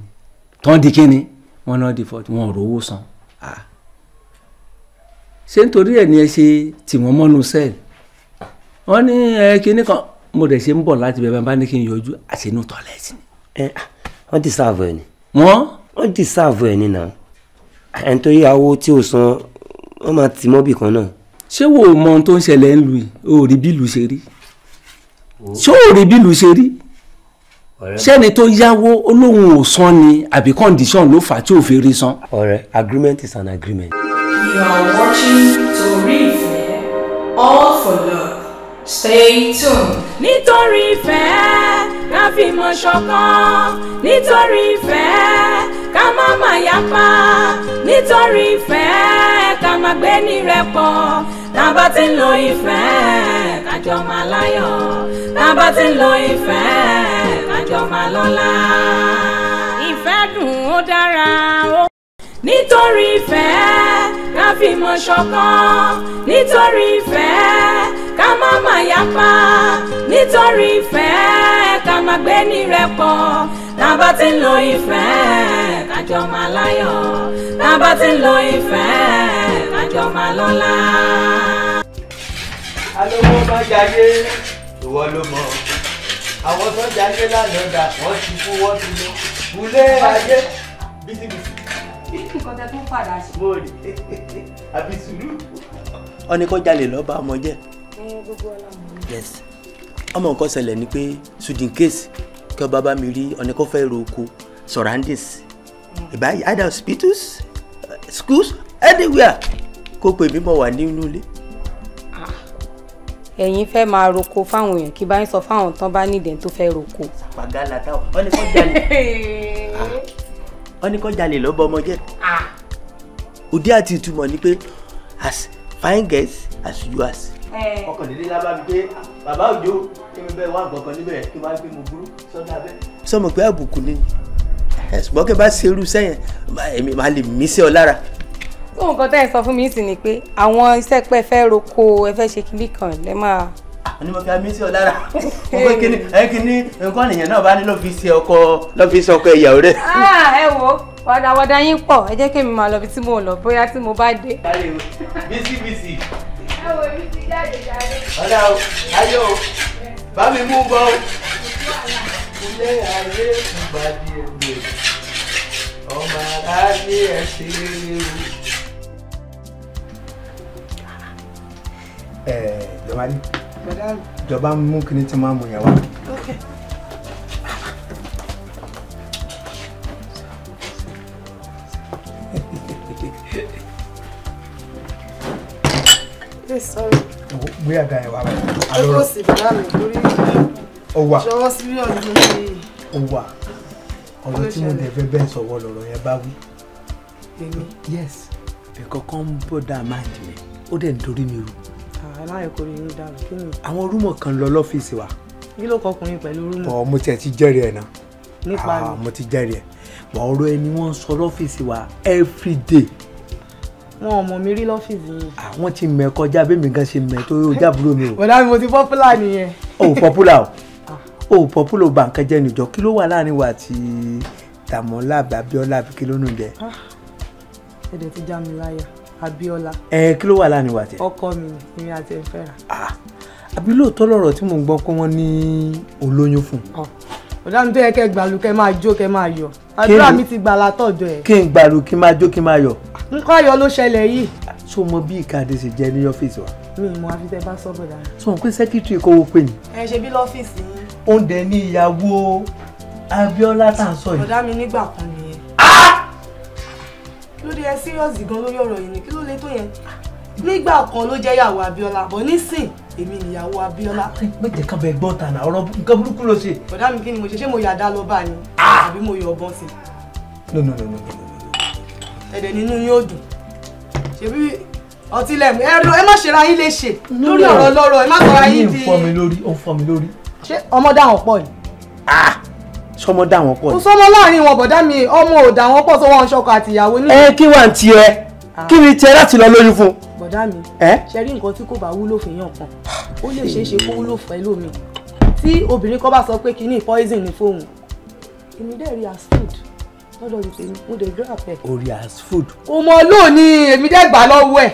tán di kíni wọn náà di fọ́ọ̀tì wọn ò rówó san. ṣé nítorí ẹ̀ ni ẹ ṣe tì wọ́n mọ́nu sẹ́ẹ̀lì wọ́n ní ẹ kíní kan mo dẹ̀ ṣe ń bọ̀ láti bẹ̀rẹ̀ bá ní kí n yọjú àṣẹ inú tọ́lẹ̀tì ni. ẹ wọ́n ti sáàvù ẹ̀ ni. wọ́n. wọ́n ti sáàvù ẹ̀ ni náà ẹni tó yá owó tí o san wọ́n máa tì mọ́bì kan náà. ṣé wo mọ ohun tó ń ṣẹlẹ̀ ń lu yìí o ò rí bí ìlú ṣe rí ṣé o ò rí bí ìlú ṣe rí ṣẹ́ni tó yáwó olóhùn ò san ni àbí condition ló fà á tí ò fi rí san. ọ̀rẹ́ agreement is an agreement. you are watching Tori Ife all for love stay tuned. nítorí ìfẹ́ ká fi mọ̀ ṣọ̀kan nítorí ìfẹ́ ká má má pa nítorí ìfẹ́ ká máa gbé ní rẹpọ̀ tábà ti ń lo ìfẹ́ kájọ máa láyọ̀ tábà ti ń lo ìfẹ́ kájọ máa lọ́lá. ìfẹ́ dùn ó dára o nítorí ìfẹ́ ká fi mọ̀ ṣọ̀kan nítorí ìfẹ́ ká má má yapa nítorí ìfẹ́ ká máa gbé ní rẹpọ̀ tábà ti ń lo ìfẹ́ kájọ máa láyọ̀ tá a bá ti ń lo ìfẹ́ kájọ máa lọ́lá. alówó má jayé ìwọ ló mọ àwọn tó jayé lánàá dà wọ́n ti kú wọ́n ti lọ kúlé ayé bísíbísí. nǹkan tẹ tún padà sí. mo rí àbí sùúrù. ọ̀nì kan jalè lọ́ọ́ bá ọmọ jẹ́. gbogbo ọlá mi. yes ọmọ nǹkan ṣẹlẹ̀ ni pé sudin case kí ọba bá mi rí ọ̀nì kan fẹ́ ro oko surroundings ìbáyìí mm. either hospitals schools anywhere kó pè mí mọ̀ wà nínú ilé. Ah, ẹ̀yin fẹ́ máa roko fáwọn èèyàn kí bá ń sọ fáwọn tán bá nídìí tó fẹ́ roko. pàgálà táwọn ọ ní kó jalè ah, ọ ní jalè lọ́bọ̀ ọmọ jẹ́. Ah. òde àti ìtumọ̀ ni pé as fine girls as you as eh. ọkànlélẹ́ lábá mi pé bàbá òjò kí mi bẹ́ẹ̀ wá gbọ̀ngàn níbẹ̀ kí n wá gbé mo burú sọ́dọ̀ abẹ́. sọmọ pé àbùkù ni ṣùgbọ́n kí n bá ṣe irú iṣẹ́ yẹn èmi máa lè mí sí ọ lára. ohun kan tẹ́ ẹ̀ sọ fún mi sì ni pé àwọn iṣẹ́ pẹ́ fẹ́ roko ẹ fẹ́ ṣe kíní kan lẹ máa. àní mo fi amí sí ọ lára mo fẹ́ kíní ẹ kíní nǹkan nìyẹn náà bá ní ló fi ṣe ọkọ ló fi ṣe ọkọ ìyàwó rẹ. Ah, ẹ wo wàdàwàdà yín pọ̀ ẹ jẹ́ kí mi máa lọ bí tí mo lọ bóyá tí mo bá dé. bísí bísí. o ayọ̀ o bá mi mú bọ́ o ilé ayé ìgbàdí èlò ọmọ aráyé ẹsẹ ewu. ẹ jọba ní jọba mú kíní tí máa mú yẹn wá. Sorry. Gbé àga ẹ̀ wá báyìí. Ó kò sì bá mi lórí ọwà ọwà ọ̀rọ̀ tí mo dẹ̀ fẹ́ bẹ́ẹ̀ sọ̀wọ́ lọ̀rọ̀ yẹn bá wí. yes nǹkan kan ń bọ̀ dá máàndì rẹ̀ ó dẹ̀ ń dorí mi rú. aláìkórè yóò dàrú kí ni. àwọn rúmọ̀ kan lọ lọ́fíìsì wa. kí ló kọkùnrin pẹ̀lú rúmọ̀. ọ mo tiẹ̀ ti jẹ́rìí ẹ̀ náà. nípa mi mo ti jẹ́rìí ẹ̀ wà ọ̀rọ̀ ẹni wọ́n ń sọ lọ́fíìsì wa day. wọn ò mọ̀ mi rí lọ́fíìsì yìí. àwọn ti mẹ kọjá bẹ́ẹ̀ mi gan ṣe mẹ tó yóò jábúrò mi o. bọ̀dá mi mo ti pọ́pùlà nìyẹn. Oh, o pọ́pùlà o o ò pọ́pùlò bà nǹkan jẹ́ nìjọ kí ló wà láàrin wa àti Dàmọ́lá àbí Abíọ́lá àbí kí ló nù jẹ́. Ah, ẹ̀dẹ̀ ti já mi láyà Abiola ẹ kí ló wà láàrin wa àti. ọkọ mi èmi àti ẹ fẹ́ra. Ah, àbí lóòótọ́ lọ̀rọ̀ tí mò ń gbọ́ pé wọ́n ní olóyún fún. Ah, ọ̀dà mi tó yẹ kẹ́ gbàlú kẹ́ máa jó kẹ́ máa yọ̀ àdúrà mi ti gbà látọ̀dọ̀ ẹ̀. kí n gbàlú kí n máa jó kí n máa yọ̀. nǹkan ayọ̀ ló ṣẹlẹ̀ yìí. so mo bí ìkàdé ṣe jẹ ní ọ́fíìsì wa. mi ò mọ àfi tẹ bá sọ bọ̀dà. sọ wọn pé sẹ́kítírì kówó pè ní. ẹ ṣe bí lọ́fíìsì yín oúnjẹ ní ìyàwó Abíọ́lá tá à ń sọ yìí. ọ̀dà mi nígbà kan nìyẹn. Ah! kí ló dé ẹ sírọ́ọ̀sì gan lórí ọ̀rọ̀ yìí ni kí ló lè tó yẹn. nígbà kan ló jẹ́ ìyàwó Abíọ́lá bọ̀ nísìn èmi nìyàwó Abíọ́lá. Ah, méje kan bẹ gbọ́n tànà ọ̀rọ̀ nǹkan burúkú ló ṣe. ọ̀dà mi kí ni mo ṣe ṣé mo yàdá lọ bá ni ah! àbí mo yọ ọgbọ́n sí. no no no no no. ẹ̀dẹ̀ nínú yóò dùn ṣebí ọtí lẹ́mu ẹ má ṣe ra yín léṣe lórí ọ̀rọ̀ lọ́rọ̀ ẹ má sọ ra yín di. ó ń fọ́ mi lórí ó ń fọ́ mi lórí ṣé ọmọ dá wọn pọ̀ ni. sọmọ ah, dá wọn pọ̀ ni. sọmọ láàrin wọn bọ̀dá mi ọmọ ò dá wọn pọ̀ sọ wọn ṣọkọ àti ìyàwó nílùú. ẹ kí wàá ti ẹ ah. kí ni tiẹ láti lọ lóyún fún. bọ̀dá mi ṣe rí nǹkan tí kò bá wúlò fèèyàn kan ó lè ṣeé ṣe kó wúlò fẹ́ lómi tí obìnrin kan bá sọ pé kinní poison ni fóun èmi dẹ̀ rí as food lọ́dọ̀ ti tèmi mo dẹ̀ grab ẹ̀. orí as food. kò mọ lónìí èmi dẹ̀ gbà lọ́wọ́ ẹ̀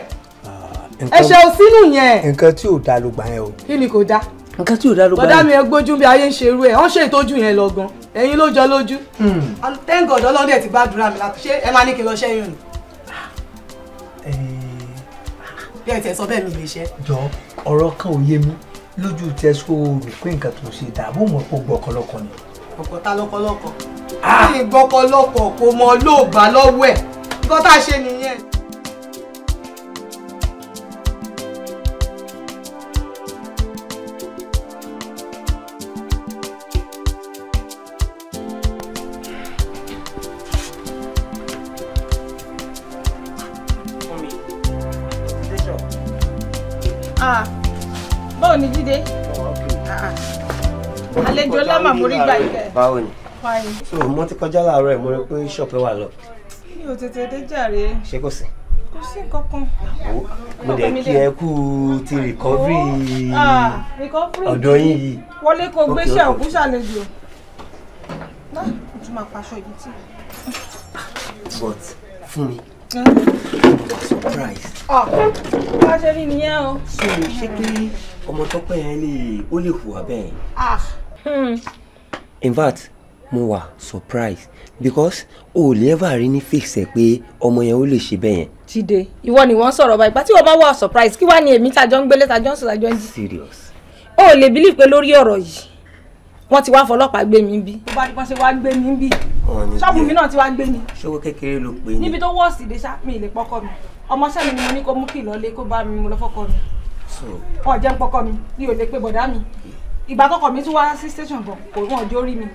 ah, ẹ̀ṣẹ̀ ò sínú yẹn. nǹkan tí ò da ló gbà yẹn o. kí ni kò da nǹkan tí ò dá ló bá yẹn. bọ́dá mi ẹ gbójú bí ayé ń ṣe irú ẹ̀ wọ́n ṣe ìtọ́jú yẹn lọ gan ẹ̀yin ló jọ lójú. Hmm. thank god ọlọ́dẹ ti gbàdúrà mi láti ṣé ẹ máa ní kí n lọ ṣẹ́yìn ni. Eh. bí ẹ tẹ sọ bẹ́ẹ̀ mi lè ṣe. jọ ọ̀rọ̀ kan ò yé mi lójú tẹ so rò pé nǹkan tó ṣe dààbò mọ̀ pé gbọ́kọlọ́kọ ni. ọ̀pọ̀ ta lọ́kọlọ́kọ. kí ah! ni gbọ́kọlọ́kọ kò mọ lóògbà lọ́wọ́ ẹ̀ nǹkan tá a ṣe nìyẹn. màmá mo rí gbà yìí kẹ. báwo ni so mo ti kọjá láàárọ̀ ẹ mo rí pé ṣọ́ọ̀pù wà lọ. mi ò tètè dé jàre. ṣé kò sí. kò sí kankan. mo dẹ̀ kí ẹ kú ti recovery ah, ọ̀dọ̀ yín yìí. wọlé kó gbéṣẹ́ òkú ṣàlejò. náà mo tún máa paṣọ ibi tí. but fún mi surprise. ọ ah, bá ṣe rí nìyẹn o. ṣé ṣé pé ọmọ tọpẹ yẹn lè ó lè hùwà bẹ́ẹ̀. Ah. Hmm. in fact mo wà surprise because o ò lè ever rí ní fèsì pé ọmọ yẹn ó lè ṣe bẹ́ẹ̀ yẹn. jíde ìwọ ni wọ́n sọ̀rọ̀ báyìí pàtí wọ́n bá wà surprise kí wàá ní èmi tàjọ ń gbélé tàjọ ń sọ tàjọ ń jí. serious. o ò lè believe pé lórí ọ̀rọ̀ yìí wọ́n ti wá fọlọ́pàá gbé mi bí. bó bá dípọ́ ṣe wá gbé mi bí. ṣọ́ọ̀bù mi náà ti wá gbé mi. ṣòwò kékeré ló pè ní. níbi tó wọ́ọ̀sì dé ṣá mi ì pọ́kọ́ mi ọmọọṣẹ́ mi ni mo ní kó mú kí ìlọlé kó bá mi mo lọ fọ́kọ́ mi. ọ̀ ń pọ́kọ́ mi mi ò lè pe bọ̀dá mi ìgbà tọkọ mi tún wá sí station gan kò rán ọjọ́ rí mi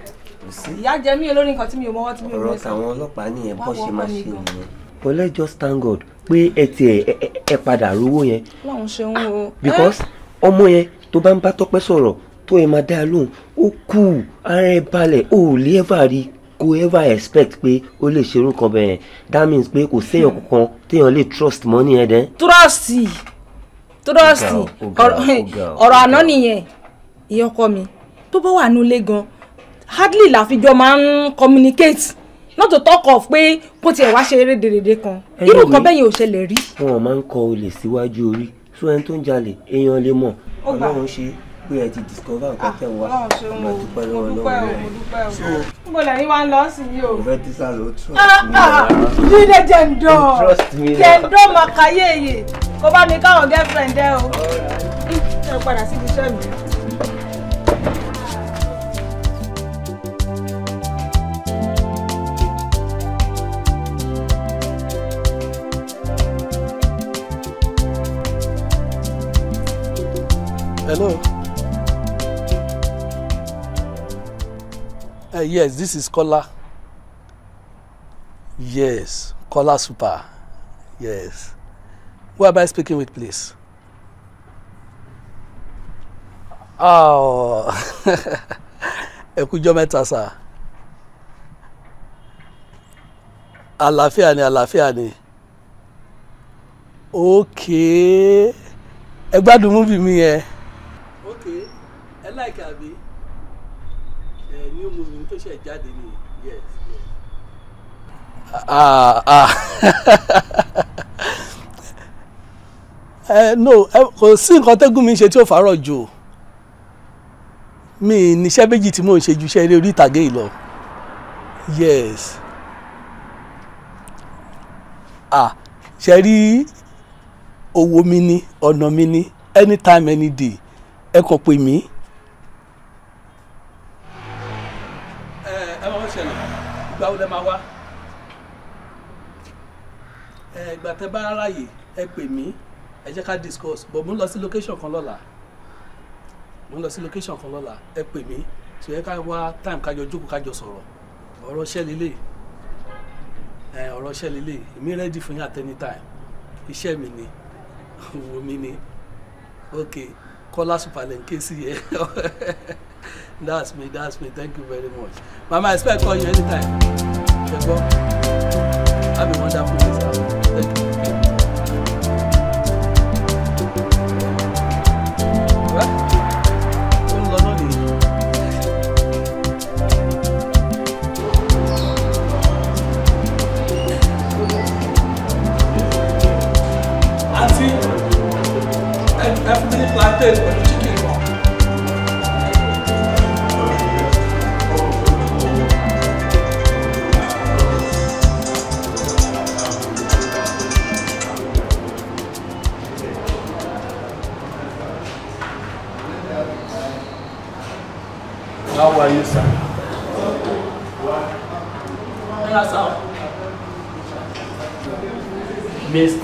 ìyá jẹ mí olórí nǹkan tí mi ò mọwọ́ tí mi ò mọ ẹsẹ̀ ọ̀rọ̀ tàwọn ọlọ́pàá nìyẹn bọ́ ṣe máa ṣe nìyẹn but let's just thank God pé ẹ tiẹ̀ ẹ padà rówó yẹn. láwọn ṣe ń wo. Ah, because ọmọ yẹn tó bá ń bá Tọ́pẹ́ sọ̀rọ̀ tó ẹ máa dá lóhùn ó kù ara ẹ balẹ̀ ó ò lè ever rí kò ever expect pé ó lè ṣerú kan bẹ́ẹ̀ that means pé kò séèyàn kankan téèyàn lè trust money ẹ̀ dẹ́. trust trust ọ̀rọ̀ àná nìyẹn ìyá ọkọ mi tó bá wà ní ilé gan hardly làfijọ́ máa ń communicate not to talk of pé kó tiẹ̀ wá ṣe rédèrèdè kan irú nǹkan bẹ́ẹ̀ yẹn ò ṣẹlẹ̀ rí. wọn máa ń kọ olè síwájú orí so ẹni tó ń jalè èèyàn lè mọ Ọlọ́run ṣe pé ẹ ti discover nǹkan tẹ̀ wá ah, ọmọ dúpẹ́ lọ́wọ́ lọ́wọ́ rẹ̀ so. níbo lẹ́yìn wá ń lọ sí yìí o. mo fẹ́ tíṣà ló ah, ah, trust me rárá. jíde jẹ̀ǹdọ̀ jẹ̀ǹdọ̀ màkàyéyè kó bá mi káwọn girlfriend ẹ o. ẹ padà sí ibi iṣẹ́ mi. Uh, yes, this is Kola. Yes, Kola Super. Yes. Who am I speaking with, please? Oh, ẹ kújọ́ mẹ́ta sá. Àlàáfíà ni àlàáfíà ni. Okay. Ẹ gbádùn movie me. yẹn. Okay. I like àbí ṣe jáde ni yes yes. ah ah eh, no eh, kò sí nǹkan tẹ́gùn mi ṣe tí ó fàárọ̀ jù o mi níṣẹ́ méjì tí mò ń ṣe ju iṣẹ́ eré orí ìtàgé yìí lọ yes ah ṣe rí owó mi ní ọ̀nà mi ní anytime any day ẹ kàn pè mí. ìgbà tẹ́ bá ráàyè ẹ pè mí ẹ jẹ́ ká discuss but mo ń lọ sí location kan lọ́la mo ń lọ sí location kan lọ́la ẹ pè mí so ẹ ká wá time kájọ jókòó kájọ sọ̀rọ̀ ọ̀rọ̀ ṣẹ́ lélẹ̀ ẹ ọ̀rọ̀ ṣẹ́ lélẹ̀ èmi ready fún yín at any time iṣẹ́ mi ni wo mi ni okay Kọ́lá Supalenke sí yẹ that's me that's me thank you very much mama I expect call you anytime ṣe gbọ́ have a wonderful day sir. you.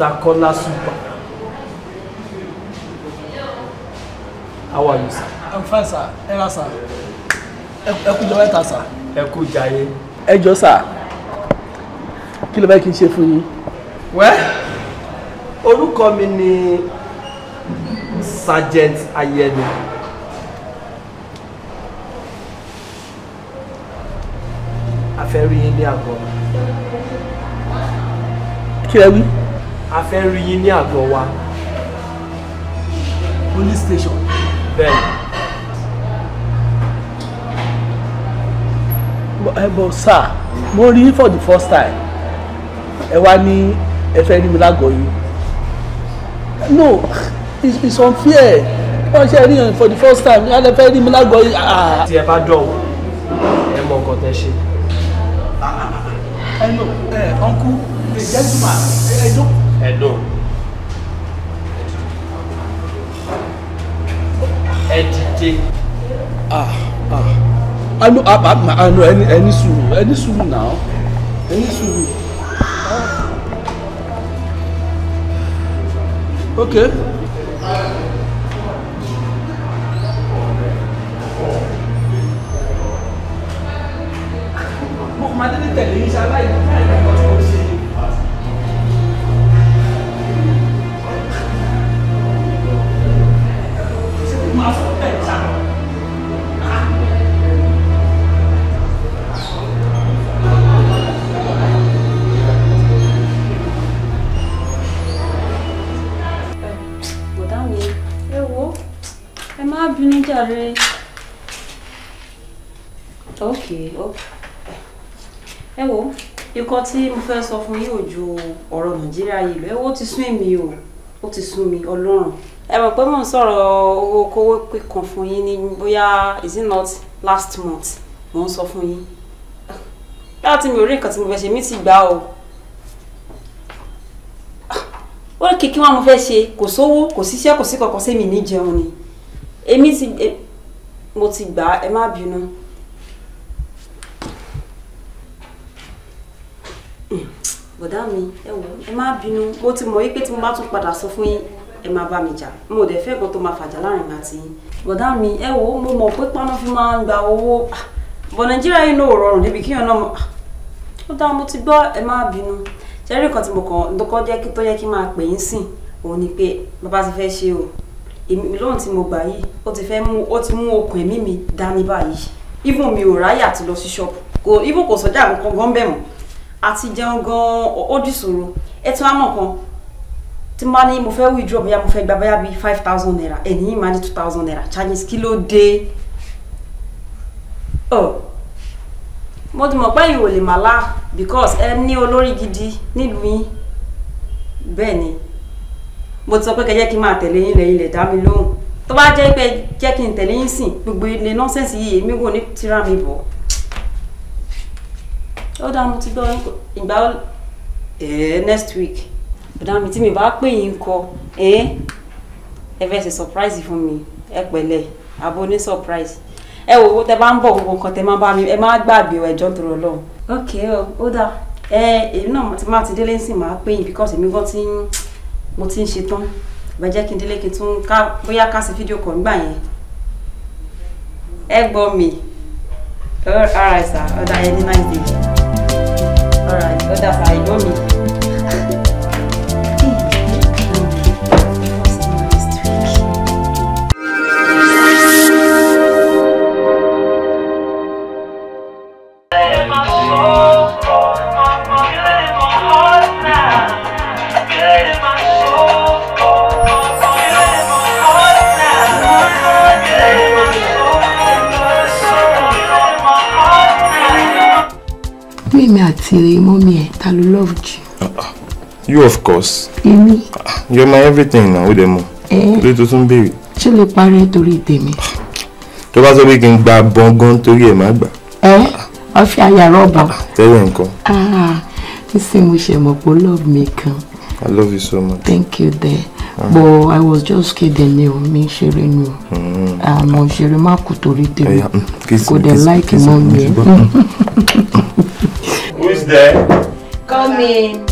Mr. Kola Super. How are you, sir? I'm fine, sir. Hello, sir. Ẹ kú jọba sir. Ẹ kú jayé. Ẹ jọ sir. kí ló bá kí n ṣe fún yín? Wẹ́, orúkọ mi ni Sergeant Ayẹni. A fẹ́ rí yín ní àgọ́. Kí lẹ wí? a fẹ́ rí yín ní àgọ́ wa. police station. bẹ́ẹ̀. ẹ bọ sá mo rí for the first time ẹ wá ní ẹ fẹ́ rí mi lágọ̀ọ́ yìí no it's, it's unfair wọ́n ṣe rí yàn for the first time ẹ fẹ́ rí mi lágọ̀ọ́ yìí. Ah, ah, ah. tí ẹ bá dọ̀wọ́ ẹ mọ nǹkan tẹ ṣe. ẹ nọ ẹ uncle the gentleman ẹ eh, jókòó. Eh, ẹ̀dọ̀ ẹ̀dìde. Ah, ah. anu ah, anu ẹni ẹni sùúrù ẹni sùúrù náà ẹni sùúrù. ok. mo kò máa tẹ́lẹ̀ tẹ̀lé iṣẹ́ aláìní. máa sọ bẹ́ẹ̀ ṣá. bọ̀dá mi ẹ wo mo fẹ́ sọ fún yín ò ju ọ̀rọ̀ nàìjíríà yìí wo ti sún èmi o ó ti sún mi ọlọ́run ẹ mọ̀ pé mò ń sọ̀rọ̀ owó kówó kíkan fún yín ní bóyá is it not last month mò ń sọ fún yín láti mi ò rí nǹkan tí mo fẹ́ ṣe mí ti gbà o ó lè kíkí wọn mo fẹ́ ṣe kò sówó kò síṣẹ́ kò sí kankan sí mi ní jẹun ni èmi ti e, mo ti gbà ẹ má bínú. bọ̀dá mi ẹ wò ẹ má bínú mo ti mọ̀ wípé tí mo bá tún padà sọ fún yín ẹ máa bá mi jà mo dẹ̀ fẹ́ nǹkan tó máa fàjà láàrin mi àti yín bọ̀dá mi ẹ wo mo mọ̀ pé paná fi máa ń gba owó ah, bọ̀ nàìjíríà yìí ló rọrùn débi kíyàn náà ah, ó dáa mo ti gbọ́ ẹ má bínú jẹ́rìí kan tí mo kàn dọ́kọ́ jẹ́ kí tó yẹ kí máa pè yín sìn òun ni pé bàbá ti fẹ́ ṣe o èmi lóhùn tí mo gbà yìí ó ti fẹ́ mú ó ti mú okùn ẹ̀mí mi dání báyìí even mi ò ráyà ti lọ sí ṣọ́ọ̀bù kò even kò sọ́jà kankan gan bẹ̀ mọ́ àti jẹun gan ó dìṣòro ẹ ti wá mọ̀ kan tí máa ní mo fẹ́ withdraw bóyá mo fẹ́ gba bóyá bíi five thousand naira ẹ̀ní yìí máa ní two thousand naira charges kí ló dé ọ oh, mo ti mọ̀ pé ìwò lè mà lá because ẹ ní olórí gidi nílùú yín bẹ́ẹ̀ ni mo ti sọ pé kẹjẹ́ kí n máa tẹ̀lé yín lẹ́yìn lẹ̀ dá mi lóhùn tó bá jẹ́ pé jẹ́ kí n tẹ̀lé yín sìn gbogbo ilé nọ́sẹ̀nsì yìí èmi kò ní tíra mi bọ̀ ó dáa mo ti gbọ́ ìgbà ẹ̀ẹ́ eh, next week bùdá mi tí mi bá pè yín kọ ẹ fẹ́ ṣe surprise fún mi ẹ pẹ̀lẹ́ àbò ní surprise ẹ wò ó tẹ bá ń bọ̀ gbogbo nǹkan tẹ má bá mi ẹ má gbàgbé ọ ẹjọ́ tó rọ lọ́hùn. ok ó dáa ẹ èmi náà ti máa ti délé sí máa pè yín because èmi gan ti ń mo ti ń ṣe tán ìbá jẹ́ kí n délé kí n tún ká bóyá ká sí fídíò kan gbà yẹn ẹ gbọ́ mi alright ọ̀dà yẹn ní nice day alright ọ̀dà sir ìgbọ́ mi. you of course. èmi. you're my everything now ó dẹ̀ mọ̀. lórí tó tún béèrè. ṣé lè parí torí tèmi. tó bá sọ pé kí n gba bọ́ngàn torí ẹ̀ má gbà. ẹ ọfẹ àyà rọba. Ah, tẹ́lẹ̀ nǹkan. Ah, nísìnyí mo ṣe mọ̀ pé love me kan. I love you so much. Thank you there. Uh ah. -huh. But I was just kidding you. Mi ṣeré ni o. Àmọ́ hmm. ṣeré má to torí tèmi. Hmm, Kò dé like mọ́ me. Who is there? Come in.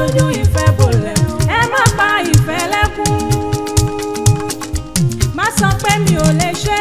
dojú ìfẹ́ bolẹ̀ ẹ má pa ìfẹ́ lẹ́kún má sọ pé mi ò lè ṣe.